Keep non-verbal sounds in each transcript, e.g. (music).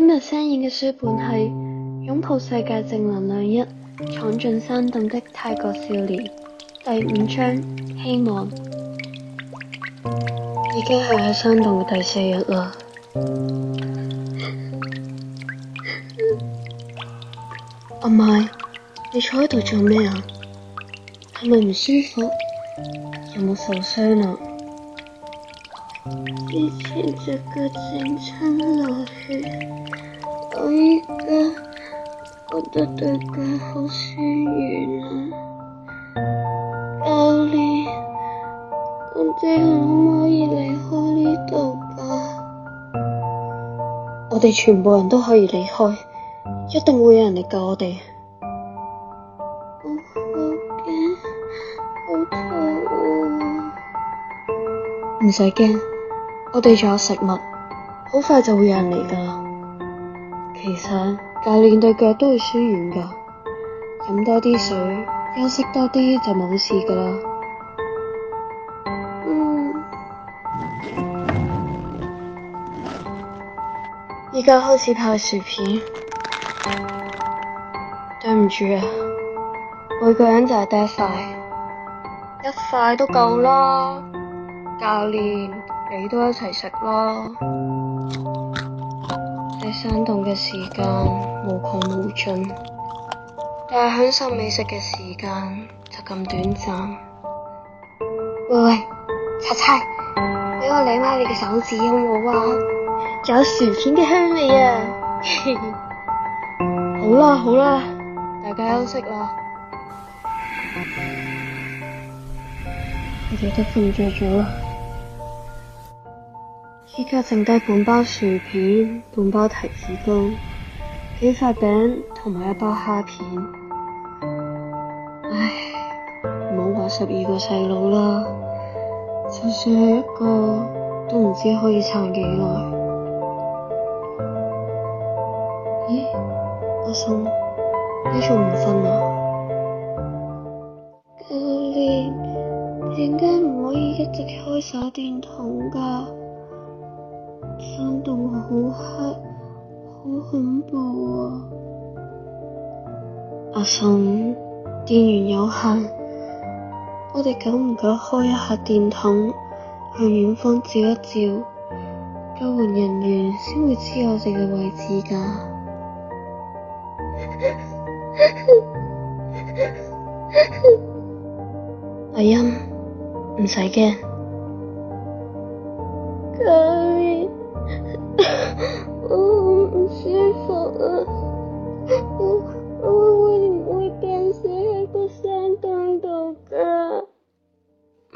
今日聲演嘅書本係《擁抱世界正能量一》，一闖進山洞的泰國少年第五章希望。已經係喺山洞嘅第四日啦。阿 (laughs) 咪、 (laughs) 啊，你坐喺度做咩啊？係咪唔舒服？有冇受傷啊？有以前就叫青春熱血，而家覺得對腳好酸軟啊！教練，咁借我可唔可以離開呢度噶？我哋全部人都可以離開，一定會有人嚟救我哋。我好驚，好痛啊！唔使驚。我哋仲有食物，好快就會有人嚟噶。其實教練對腳都會酸軟噶，飲多啲水，休息多啲就冇事噶啦。嗯，依家開始拍薯片。對唔住啊，每個人就係得一塊，一塊都夠啦。教練。你都一齊食咯！喺山洞嘅時間無窮無盡，但係享受美食嘅時間就咁短暫。喂喂，賊差，俾我舐下你嘅手指好唔好啊？仲有薯片嘅香味啊！ (laughs) 好啦、啊、好啦、啊，大家休息啦。 (music) 我哋都瞓着咗。依家剩低半包薯片、半包提子糕、幾塊餅同埋一包蝦片。唉，唔好話十二個細路啦，就算係一個，都唔知可以撐幾耐。咦？阿松，你仲唔瞓啊？教練，點解唔可以一直開手電筒噶？山洞好黑，好恐怖啊！阿嬸，電源有限，我哋敢唔敢開一下電筒，向遠方照一照？救援人員先會知我哋嘅位置㗎。阿音、 (laughs) (laughs) 哎，唔使驚。我好唔舒服啊！我我會唔會病死喺個山洞度噶？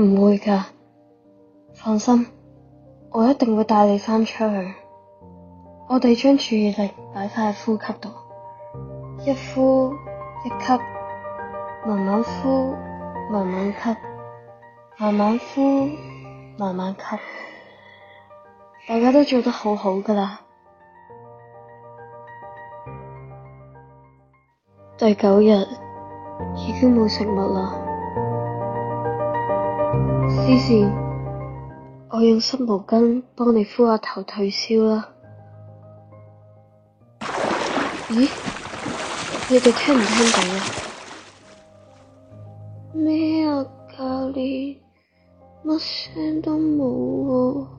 唔會噶，放心，我一定會帶你翻出去。我哋將注意力擺翻喺呼吸度，一呼一吸，慢慢呼，慢慢吸，慢慢呼，慢慢吸。大家都做得好好噶啦。第九日已經冇食物啦。思思，我用濕毛巾幫你敷下頭退燒啦。咦？你哋聽唔聽到啊？教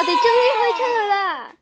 我哋終於開出嚟啦！